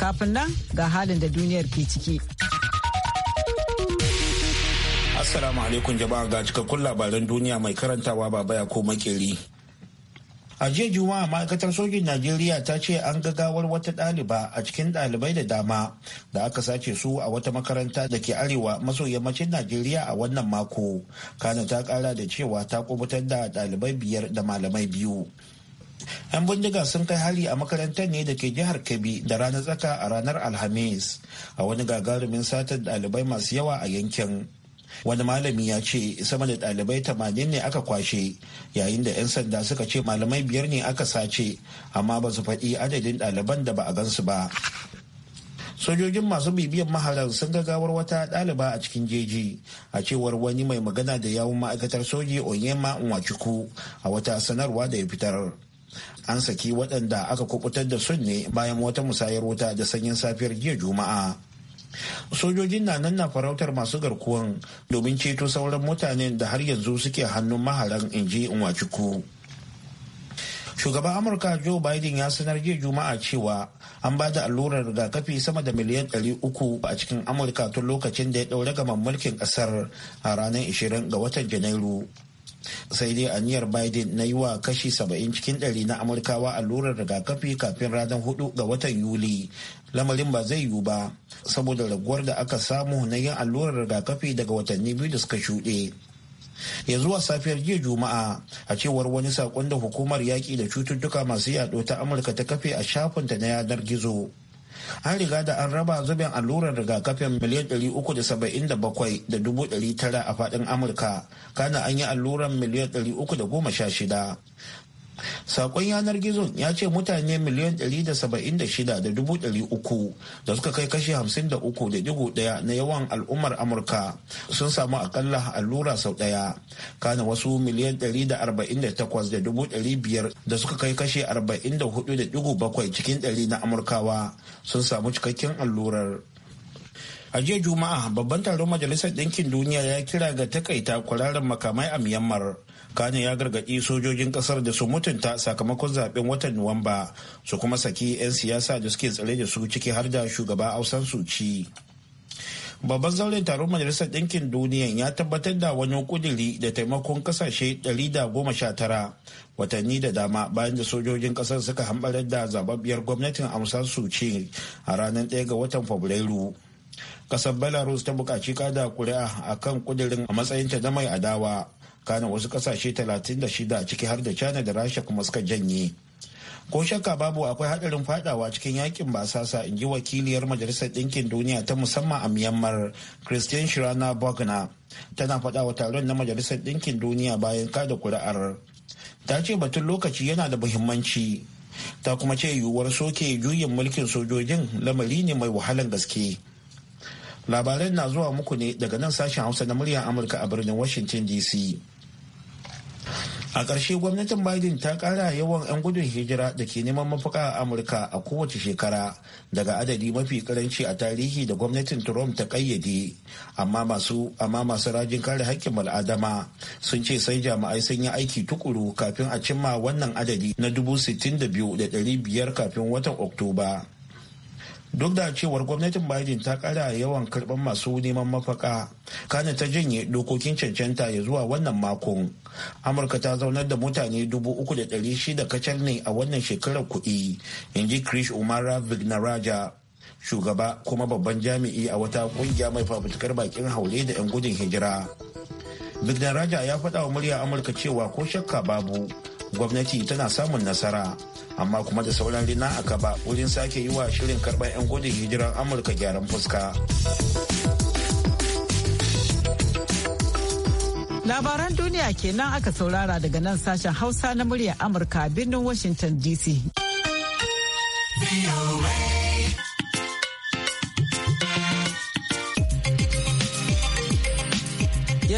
Kafin nan ga halin da duniyar ke ciki. Assalamu alaikum jama'a ga cikakkun labaran duniya mai karantawa baba ya ko makeri. A jiya Juma'a ma'aikatar sojin Najeriya ta ce an gagawar wata ɗaliba a cikin ɗalibai da dama da aka sace su a wata makaranta da ke arewa maso yammacin Najeriya a wannan mako. Kana ta ƙara da cewa ta kubutar da ɗalibai biyar da malamai biyu. 'yan bindiga sun kai hari a makarantar ne da ke jihar kebbi da ranar tsaka a ranar alhamis a wani gagarumin satar dalibai masu yawa a yankin wani malami ya ce sama da dalibai tamanin ne aka kwashe yayin da 'yan sanda suka ce malamai biyar ne aka sace amma ba su faɗi adadin ɗaliban da ba a gansu ba sojojin masu bibiyan maharan sun gagawar wata ɗaliba a cikin jeji a cewar wani mai magana da yawun ma'aikatar soji onyema nwachukwu a wata sanarwa da ya fitar an saki waɗanda aka kubutar da sun ne bayan wata musayar wuta da sanyin safiyar jiya juma'a sojojin na nan na farautar masu garkuwan domin ceto sauran mutanen da har yanzu suke hannun maharan inji inwaciku shugaban amurka joe biden ya sanar jiya juma'a cewa an ba da allurar rigakafi sama da miliyan 300 a cikin amurka tun lokacin da ya ɗaure gaban mulkin ƙasar a ranar 20 ga watan janairu sai dai aniyar biden na yi wa kashi 70 cikin ɗari na amurkawa allurar rigakafi kafin ranar 4 ga watan yuli lamarin ba zai yiwu ba saboda raguwar da aka samu na yin allurar rigakafi daga watanni biyu da suka shuɗe ya zuwa safiyar jiya juma'a a cewar wani sakon da hukumar yaƙi da cututtuka masu yaɗo ta amurka ta kafe a shafinta na yanar gizo an riga da an raba zubin allurar rigakafin miliyan tara a faɗin amurka kana an yi alluran miliyan 316 sakon yanar gizon ya ce mutane miliyan 176,300 da suka kai kashi 53.1 na yawan al'ummar amurka sun samu akalla allura sau daya kana wasu miliyan 148,500 da suka kai kashi 44.7 cikin 100 na amurkawa sun samu cikakken allurar a jiya juma'a babban taron majalisar ɗinkin duniya ya kira ga takaita kwararren makamai a myanmar kanye ya gargaɗi sojojin ƙasar da su mutunta sakamakon zaben watan nuwamba su kuma saki 'yan siyasa da suke tsare da su ciki har da shugaba ausan suci babban zauren taron majalisar ɗinkin duniya ya tabbatar da wani kuduri da taimakon kasashe 119 watanni da dama bayan da sojojin ƙasar suka hambarar da zababbiyar gwamnatin amsar suci a ranar 1 ga watan fabrairu ƙasar belarus ta buƙaci kada kuri'a a kan ƙudirin a ta na mai adawa tsakanin wasu kasashe 36 ciki har da china da rasha kuma suka janye ko shakka babu akwai hadarin fadawa cikin yakin basasa in ji wakiliyar majalisar ɗinkin duniya ta musamman a myanmar christian shirana bogna tana fadawa taron na majalisar ɗinkin duniya bayan kada kuri'ar ta ce batun lokaci yana da muhimmanci ta kuma ce yiwuwar soke juyin mulkin sojojin lamari ne mai wahalan gaske labaran na zuwa muku ne daga nan sashen hausa na muryar amurka a birnin washington dc a ƙarshe gwamnatin biden ta ƙara yawan 'yan gudun hijira da ke neman mafaka a amurka a kowace shekara daga adadi mafi karanci a tarihi da gwamnatin trump ta ƙayyade amma masu amma masu rajin kare haƙƙin bal'adama sun ce sai jami'ai sun yi aiki tukuru kafin a cimma wannan adadi na dubu kafin watan oktoba duk da cewar gwamnatin biden ta kara yawan karban masu neman mafaka kana ta janye dokokin cancanta ya zuwa wannan makon amurka ta zaunar da mutane dubu uku da ɗari shida kacal ne a wannan shekarar kuɗi in ji krish umara vignaraja shugaba kuma babban jami'i a wata kungiya mai fafutukar bakin haule da 'yan gudun hijira vignaraja ya faɗa wa murya amurka cewa ko shakka babu gwamnati tana samun nasara amma kuma da sauran rina aka ba wurin sake yi wa shirin karɓar 'yan gudun hijirar amurka gyaran fuska labaran duniya kenan aka saurara daga nan sashen hausa na murya amurka birnin washington dc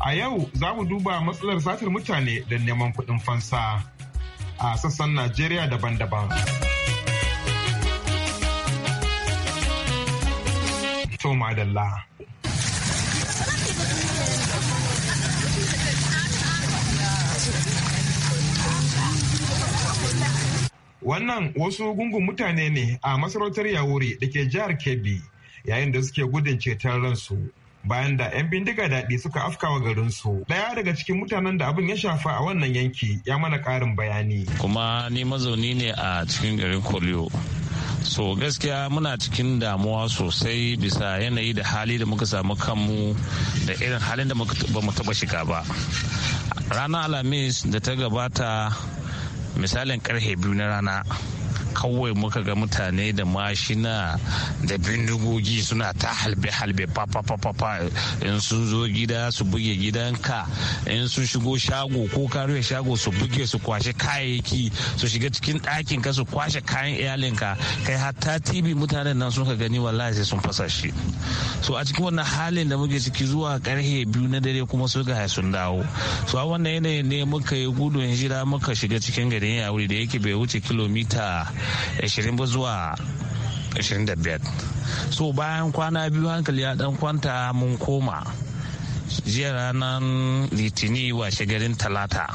A yau za mu duba matsalar satar mutane da neman kuɗin fansa a sassan Najeriya daban-daban. Toma Wannan wasu gungun mutane ne a masarautar Yawuri da ke jihar Kebbi yayin da suke gudun ceton ransu. bayan da 'yan bindiga daɗi suka afkawa garinsu. Ɗaya daga cikin mutanen da abin ya shafa a wannan yanki ya mana karin bayani. Kuma ni mazauni ne a cikin garin Koliyo. so gaskiya muna cikin damuwa sosai bisa yanayi da hali da muka samu kanmu da irin halin da ba mu taba shiga ba ranar alhamis da ta gabata misalin karfe biyu na rana kawai muka ga mutane da mashina da bindigogi suna ta halbe-halbe fa in sun zo gida su buge gidanka in sun shigo shago ko karuwa shago su buge su kwashe kayayyaki su shiga cikin ɗakin ka su kwashe kayan iyalinka kai hatta tv mutanen nan suka gani wallahi sai sun fasa shi so a cikin wannan halin da muke ciki zuwa karhe biyu na dare kuma su ga sun dawo so a wannan yanayin ne muka yi gudun hijira muka shiga cikin garin yauri da yake bai wuce kilomita 20 ba zuwa 25 so bayan kwana biyu hankali ya dan kwanta mun koma jiya ranar litini washe garin talata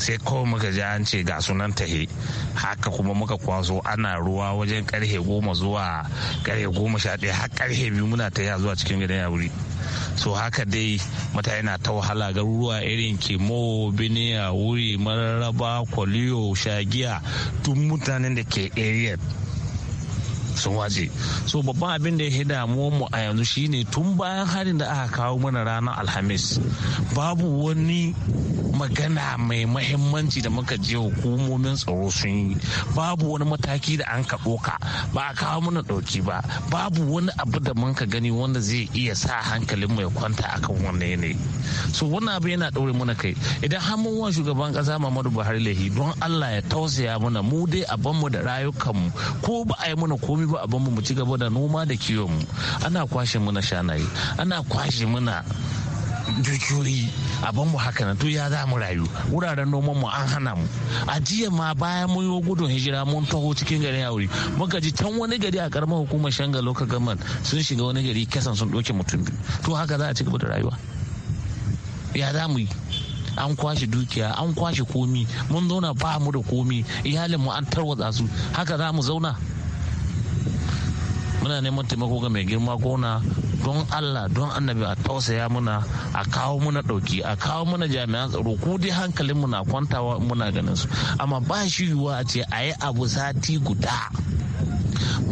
sai kawai muka ji an ce ga sunan tahe haka kuma muka kwaso ana ruwa wajen karhe goma zuwa karhe goma sha ɗaya har karhe biyu muna ta zuwa cikin gidan ya wuri so haka dai mutane na ta wahala garuruwa irin kimo biniya wuri mararaba kwaliyo shagiya tun mutanen da ke area sun wace so babban abin da ya damuwar mu a yanzu shine tun bayan harin da aka kawo mana ranar alhamis babu wani magana mai mahimmanci da muka je hukumomin tsaro sun yi babu wani mataki da an ka ba a kawo mana ɗauki ba babu wani abu da mun ka gani wanda zai iya sa hankalin ya kwanta akan wannan yanayi so wannan abu yana ɗaure mana kai idan har mun shugaban ƙasa Muhammadu Buhari lahi don Allah ya tausaya mana mu dai a mu da rayukanmu ko ba a yi mana komai ba abin mu ci gaba da noma da kiwon mu ana kwashe muna shanaye ana kwashe muna dukiyoyi abin mu haka na to ya za mu rayu wuraren noman mu an hana mu a jiya ma bayan mun yi gudun hijira mun taho cikin garin yauri muka ji can wani gari a karamar hukumar shanga local government sun shiga wani gari kasan sun doke mutum biyu to haka za a ci gaba da rayuwa ya za mu yi an kwashe dukiya an kwashe komi mun zauna ba mu da komi iyalin mu an tarwatsa su haka za mu zauna muna neman taimako ga mai girma gona don allah don annabi a tausaya muna a kawo muna dauki a kawo muna jami'an tsaro ko dai hankalin muna kwantawa muna ganin su amma ba shi yiwuwa a ce a yi abu sati guda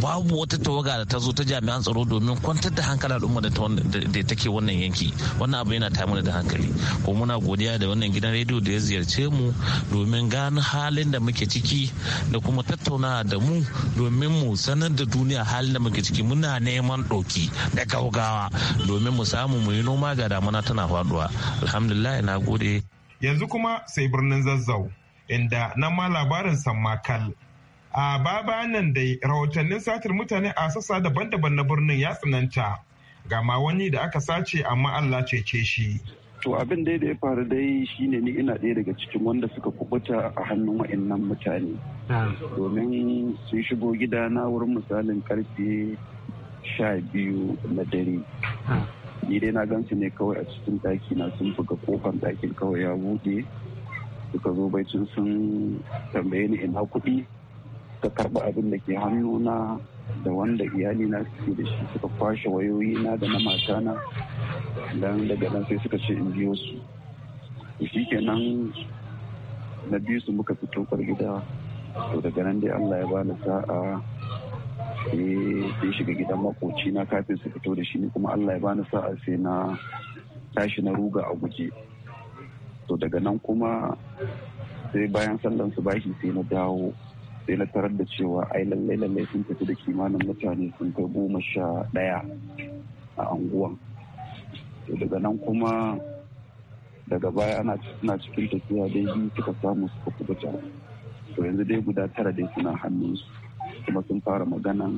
babu wata tawaga da ta zo ta jami'an tsaro domin kwantar da hankali al'umma da take wannan yanki wannan abu yana tamu da hankali ko muna godiya da wannan gidan rediyo da ya ziyarce mu domin gano halin da muke ciki da kuma tattauna da mu domin mu sanar da duniya halin da muke ciki muna neman ɗauki da gaugawa domin mu samu mu yi noma ga damuna tana faduwa alhamdulillah na gode yanzu kuma sai birnin zazzau inda nan ma labarin sammakal a baba nan dai rahotannin satar mutane a sassa daban-daban na birnin ya tsananta gama wani da aka sace amma allah cece shi to abin dai da ya faru dai shine ni ina ɗaya daga cikin wanda suka kubuta a hannun wa'annan mutane domin sun shigo gida na wurin misalin karfe sha biyu na dare ni dai na gansu ne kawai a cikin ɗaki na sun buga kofar ɗakin kawai ya buɗe suka zo baicin sun tambaye ni ina kuɗi suka karba abin da ke na da wanda iyali na suke da shi suka kwashe wayoyi na da na mata na dan daga nan sai suka ce in biyo su shi kenan na biyu su muka fito kwar gida to daga nan dai allah ya bani sa'a sai shiga gidan makoci na kafin su fito da shi ni kuma allah ya bani sa'a sai na tashi na ruga a guje to daga nan kuma sai bayan sallan su bashi sai na dawo sai na tarar da cewa ai lallai lallai sun tafi da kimanin mutane sun kai goma sha ɗaya a anguwan daga nan kuma daga baya ana cikin tafiya dai biyu suka samu suka kubuta to yanzu dai guda tara dai suna hannunsu kuma sun fara magana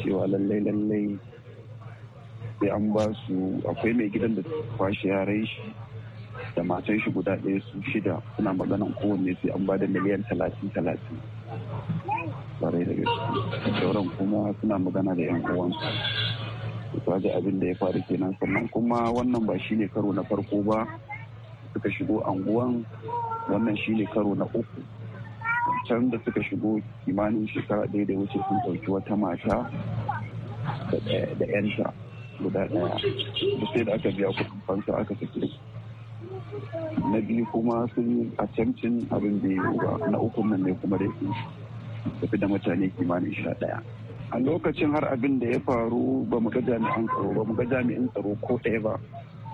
cewa lallai lallai sai an ba su akwai mai gidan da kwashe yaran shi da matan shi guda ɗaya su shida suna maganan kowanne sai an ba da miliyan talatin talatin kwarai da gaske sauran kuma suna magana da yan uwansu kaji abin da ya faru kenan sannan kuma wannan ba shi ne karo na farko ba suka shigo anguwan wannan shi ne karo na uku can da suka shigo kimanin shekara ɗaya da wuce sun ɗauki wata mata da 'yanta guda ɗaya da sai da aka biya kuɗin fansa aka saki na biyu kuma sun yi cin abin da ya na uku nan ne kuma dai tafi da mutane kimanin sha ɗaya a lokacin har abin da ya faru ba mu ga jami'an tsaro ba mu ga jami'in tsaro ko ɗaya ba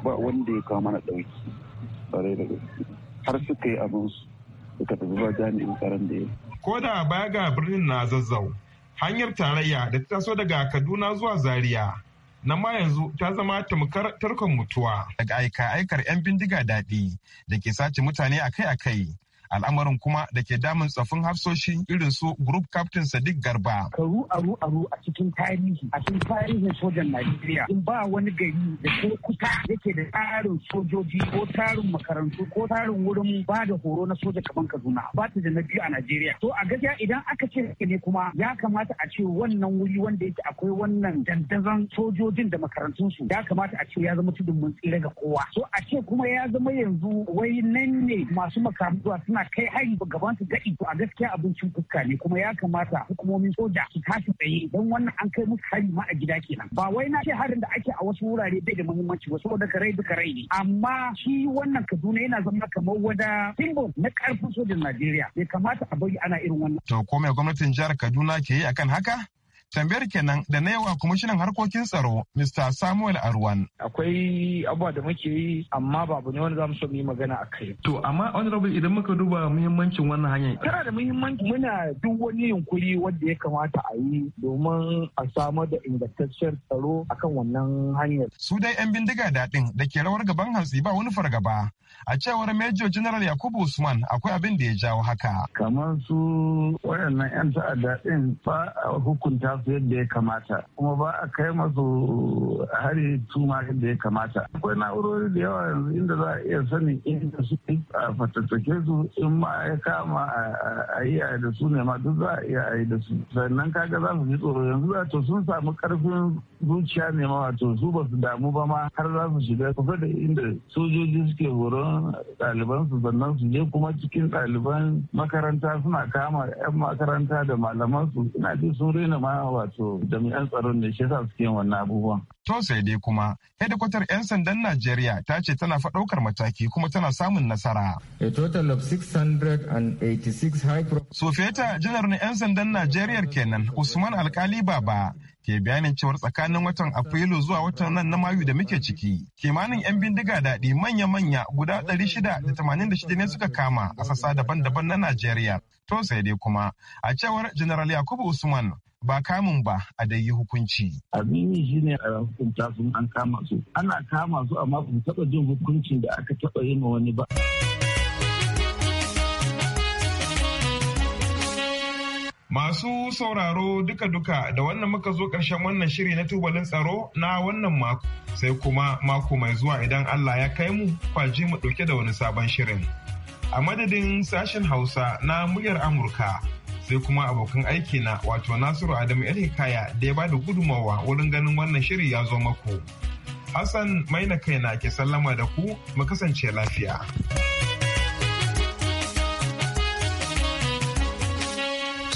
ba wanda ya kawo mana ɗauki bare da har suka yi abin su suka tafi ba jami'in tsaron da ya ko da baya ga birnin na zazzau hanyar tarayya da ta taso daga kaduna zuwa zaria na ma yanzu ta zama tamkar tarkon mutuwa. Daga aika aikar 'yan bindiga daɗi da ke sace mutane akai-akai al'amarin kuma da ke damun tsafin Hafsoshin irin su group captain sadiq garba karu aru aru a cikin tarihi a cikin tarihin sojan najeriya in ba wani gari da ko kusa yake da tsarin sojoji ko tarin makarantu ko tarin wurin ba da horo na soja kaman kaduna ba ta da na biyu a najeriya to a gaskiya idan aka ce ne kuma ya kamata a ce wannan wuri wanda yake akwai wannan dandazon sojojin da makarantun su. ya kamata a ce ya zama tudun mun tsira ga kowa so a ce kuma ya zama yanzu wai nan ne masu makarantu suna suna kai hari gaban su daɗi to a gaskiya abincin fuska ne kuma ya kamata hukumomin soja su tashi tsaye don wannan an kai musu hari ma a gida kenan ba wai na ce harin da ake a wasu wurare bai da muhimmanci ba saboda rai duka rai ne amma shi wannan Kaduna yana zama kamar wada simbol na karfin sojan Najeriya bai kamata a bari ana irin wannan to ko mai gwamnatin jihar Kaduna ke yi akan haka Tambayar kenan da na yawa kwamishinan harkokin tsaro Mr. Samuel Arwan. Akwai abubuwa da muke yi amma babu ne wani za mu so mu yi magana a kai. To amma honorable idan muka duba muhimmancin wannan hanyar. Tana da muhimmanci muna duk wani yunkuri wanda ya kamata a yi domin a samar da ingantacciyar tsaro akan wannan hanyar. Su dai 'yan bindiga daɗin da ke rawar gaban hantsi ba wani fargaba. A cewar Major General Yakubu Usman akwai abin da ya jawo haka. Kamar su waɗannan 'yan ta'adda ɗin ba a hukunta su yadda ya kamata kuma ba a kai masu hari tuma yadda ya kamata akwai na'urori da yawa yanzu inda za a iya sanin inda su a fatattake su in ma ya kama a yi da su ne ma duk za a iya yi da su sannan kaga za su ji tsoro yanzu za to sun samu karfin zuciya ne ma wato su ba su damu ba ma har za su shiga kusa da inda sojoji suke horon ɗaliban su sannan su je kuma cikin ɗaliban makaranta suna kama 'yan makaranta da malaman su ina ji sun rena ma wato jami'an tsaron ne shi sa suke wannan abubuwan. To sai dai kuma hedikwatar 'yan sandan Najeriya ta ce tana faɗaukar mataki kuma tana samun nasara. A total of 686 high profile. Sofeta janar na 'yan sandan Najeriya kenan Usman Alkali Baba ke bayanin cewar tsakanin watan Afrilu zuwa watan nan na Mayu da muke ciki. Kimanin 'yan bindiga daɗi manya-manya guda 686 ne suka kama a sassa daban-daban na Najeriya. To sai dai kuma a cewar General Yakubu Usman ba kamun ba a dai yi hukunci. Amini shine shi ne a hukunta sun an kama su. Ana kama su amma ba taɓa jin hukuncin da aka taɓa yi ma wani ba. Masu sauraro duka-duka da wannan muka zo ƙarshen wannan shiri na tubalin tsaro na wannan mako sai kuma mako mai zuwa idan Allah ya kai mu kwaji mu ɗauke da wani sabon shirin. A madadin sashen Hausa na muryar Amurka. sai kuma abokan aiki na wato Nasiru Adamu Hikaya da ya bada gudumawa wurin ganin wannan shiri ya zo mako Hassan maina kaina ke sallama da ku mu kasance lafiya.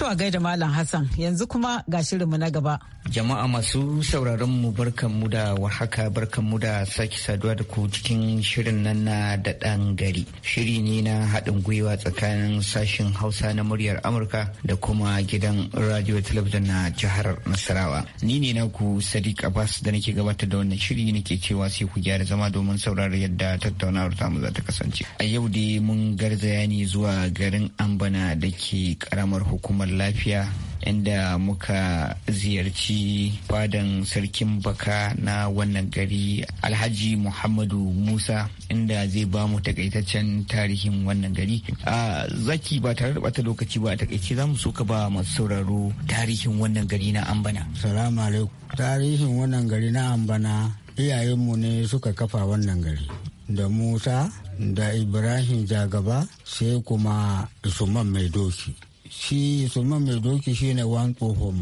To a gaida Malam Hassan yanzu kuma ga shirinmu na gaba. Jama'a masu sauraron mu barkanmu da warhaka barkanmu da sake saduwa da ku cikin shirin nan na da ɗan gari. Shiri ne na haɗin gwiwa tsakanin sashen Hausa na muryar Amurka da kuma gidan radio talabijin na jihar Nasarawa. Ni ne naku Sadiq Abbas da nake gabatar da wannan shiri nake cewa sai ku gyara zama domin saurara yadda tattaunawar tamu za ta kasance. A yau dai mun garzaya ne zuwa garin Ambana da ke karamar hukumar lafiya inda muka ziyarci fadan sarkin baka na wannan gari alhaji muhammadu musa inda zai ba mu takaitaccen tarihin wannan gari a zaki ba tare da bata lokaci ba a takaice za mu so ba masu sauraro tarihin wannan gari na ambana salamu alaikum tarihin wannan gari na ambana iyayenmu ne suka kafa wannan gari da musa da ibrahim jagaba sai kuma isuman mai doki shi sulman mai doki shi ne wan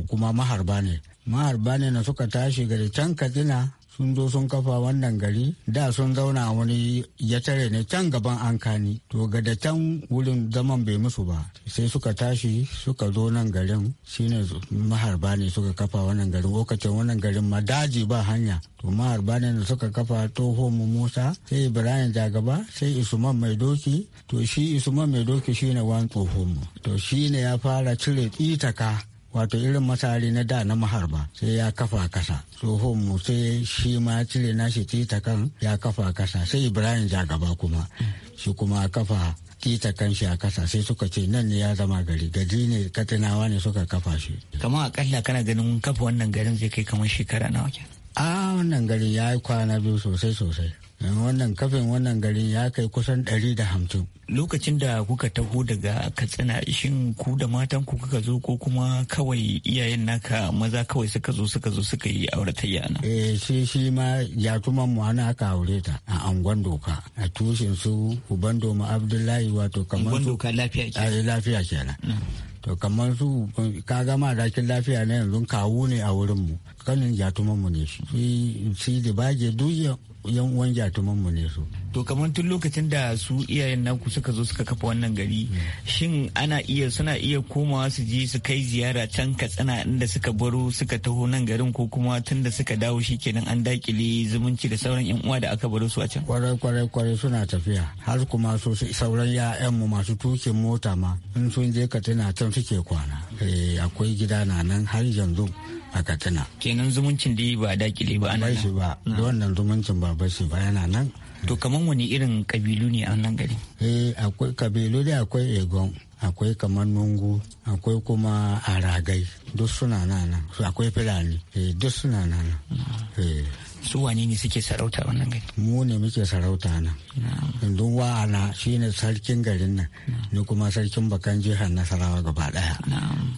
kuma maharba ne maharba ne na suka tashi gari can katsina sun zo sun kafa wannan gari da sun zauna wani ya tare ne can gaban an kani to ga da can wurin zaman bai musu ba sai suka tashi suka zo nan garin shine maharba ne suka kafa wannan garin lokacin wannan garin ma daji ba hanya to maharba ne da suka kafa toho mu musa sai ibrahim jagaba sai isuman mai doki to shi isuman mai doki shine wani tsohon mu to shine ya fara cire tsitaka wato irin masari na da na maharba sai ya kafa kasa tsohon mu sai shi ma cire nashi tita kan ya kafa kasa sai ibrahim ja jagaba kuma shi kuma kafa kan shi a kasa sai suka ce nan ne ya zama gari gari ne katinawa ne suka kafa shi kamar akalla kana ganin kafa wannan garin zai kai kamar shekara nawa a wannan gari ya yi kwana biyu sosai sosai wannan kafin wannan garin ya kai kusan ɗari da hamsin. lokacin da kuka taho daga katsina shin ku da matan ku kuka zo ko kuma kawai iyayen naka maza kawai suka zo suka zo suka yi auratayya na eh shi shi ma yatuman mu ana aka aure ta a angon doka a tushen su uban doma abdullahi wato kamar angon doka lafiya kenan eh, lafiya kenan to kamar su ka gama dakin lafiya na yanzu kawo ne a wurin mu kanin yatuman mu ne shi shi da bage duya yan uwan jatuman mu ne su to kamar tun lokacin da su iyayen naku suka zo suka kafa wannan gari mm. shin ana iya suna iya komawa su je su kai ziyara can katsina inda suka baro suka taho nan garin ko kuma tun da suka dawo shikenan an dakile zumunci da sauran yan uwa da aka baro su a can kwarai kwarai kwarai suna tafiya har kuma su sauran ya'yan mu masu tukin mota ma in sun je katsina can suke kwana eh, akwai gida na nan har yanzu a katsina kenan zumuncin da ba a dakile ba ana shi ba wannan zumuncin ba ba shi ba yana nan to kaman wani irin kabilu ne a nan gari eh akwai kabilu da akwai egon akwai kamar nungu akwai kuma aragai duk suna nan akwai fulani eh, duk suna nan mm. eh. su wane ne suke sarauta wannan gari mu ne muke sarauta nan yanzu wa'ana shine sarkin garin nan ni kuma sarkin bakan jihar nasarawa gaba daya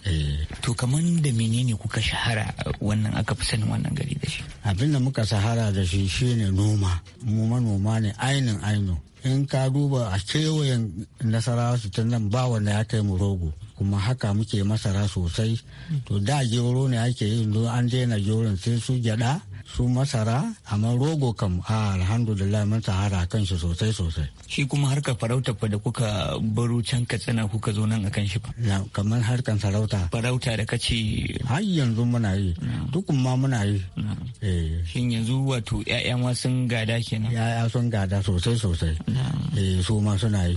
eh. to kaman da menene kuka shahara wannan aka fi sanin wannan gari da shi abin da muka shahara da shi shine noma mu manoma ne ainin aino in ka duba a kewayen nasarawa su nan ba wanda ya kai mu rogo kuma haka muke masara sosai hmm. to da gero ne ake yin don an daina gero sai su gyada su masara amma rogo kam a alhamdulillah mun sahara kan shi sosai sosai shi kuma harka farauta fa da kuka baro can katsina kuka zo nan akan shi fa kamar harkan sarauta farauta da kace har yanzu muna yi dukun ma muna yi eh. shin yanzu wato ƴaƴa ma sun gada kenan ƴaƴa sun gada sosai sosai eh su ma suna yi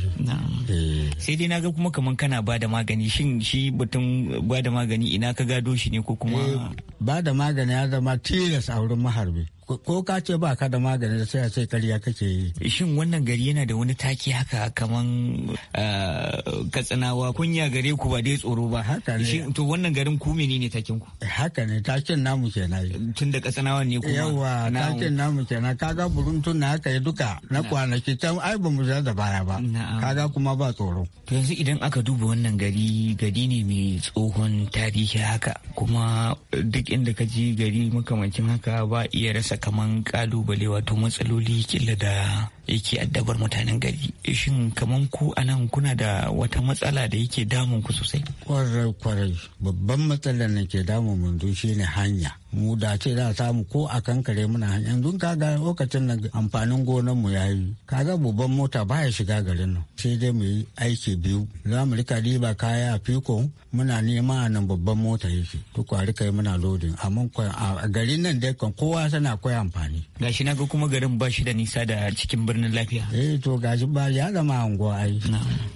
eh. sai dai naga kuma kaman kana ba da magani shin shi batun ba da magani ina ka gado shi ne ko kuma eh, ba da magani ya zama tilas a wurin maharbi ko ka ce ba ka da magani sai a sai karya kake yi. Shin wannan gari yana da wani taki haka kaman ah, katsinawa kunya gare ku ba dai tsoro ba. Haka ne. Shin To wannan garin ku menene takin ku? Haka ne takin namu kenan. Tun da katsinawa ne kuma. Yawwa takin namu kenan kaga buruntun na haka yi duka na kwanaki can ai ba mu da baya ba. Kaga kuma ba tsoro. To yanzu idan aka duba wannan gari gari ne mai tsohon tarihi haka kuma duk inda ka ji gari makamancin haka ba iya rasa kaman kalubale wato matsaloli kila da yake addabar mutanen gari shin kamar ku a kuna da wata matsala da yake damun ku sosai kwarai kwarai babban matsalar da ke damun mu ne hanya mu da ce a samu ko a kankare muna hanya yanzu kaga lokacin na amfanin gonar mu yayi kaga babban mota baya shiga garin nan sai dai mu yi aiki biyu za mu rika riba kaya a fiko muna nema a nan babban mota yake to kwari kai muna lodin amma a garin nan dai kowa sana koyi amfani gashi na ga kuma garin bashi da nisa da cikin birnin birnin lafiya eh to gashi ba ya zama anguwa ai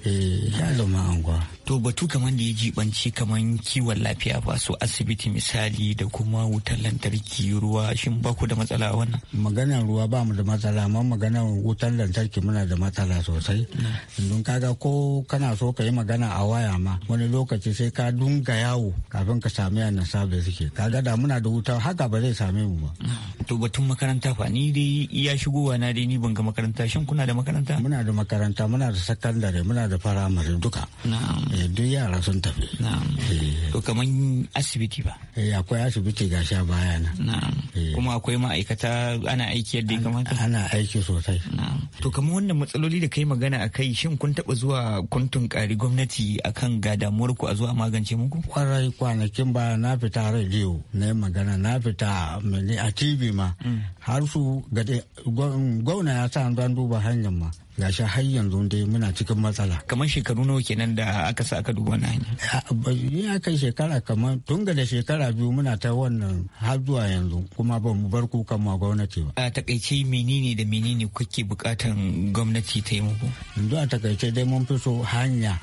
eh ya zama anguwa to batu kamar da ya jibanci kamar kiwon lafiya ba su asibiti misali da kuma wutar lantarki ruwa shin ba ku da matsala a wannan maganar ruwa ba mu da matsala amma maganar wutar lantarki muna da matsala sosai mm. don kaga ko kana so ka yi magana a waya ma wani lokaci sai ka dunga yawo kafin ka sami annan sabis suke kaga da muna da wuta haka ba zai same mu ba mm. to batun makaranta fa ni dai iya shigowa na dai ni ban ga makaranta shin kuna da makaranta muna da makaranta muna da sakandare muna da firamare duka na'am Eh, duk yara sun tafi eh. to kaman asibiti ba eh, akwai asibiti ga sha baya na kuma akwai ma'aikata ana aiki yadda ya kamata ana aiki sosai to kaman wannan matsaloli da kai magana a kai shin kun taba zuwa kun tunkari gwamnati akan ga damuwar ku a zuwa magance muku kwarai kwanakin ba na fita radio na magana na fita a tv ma mm. har su gwamna ya sa an duba hanyar ma gashi har yanzu dai muna cikin matsala kamar shekaru nawa kenan da aka sa aka duba wannan ni kai shekara kamar tun ga da shekara biyu muna ta wannan har zuwa yanzu kuma ba mu bar kukan ma gwamnati ba a takaice menene da menene kuke bukatan gwamnati ta yi muku yanzu a takaice dai mun fi so hanya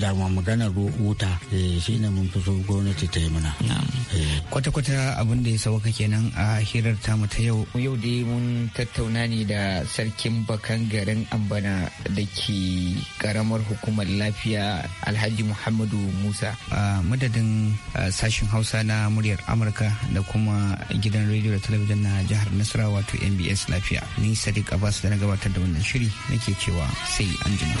da ma magana wuta eh, shi ne mun fi so gwamnati ta yi mana eh. kwata-kwata abin da ya sauka kenan a hirar tamu ta yau yau dai mun tattauna ne da sarkin bakan garin an bana da ke karamar hukumar lafiya alhaji muhammadu musa a madadin sashen hausa na muryar amurka da kuma gidan rediyo da talabijin na jihar nasarawa wato mbs lafiya ni sadiq abbas da na gabatar da wannan shiri nake cewa sai an jima.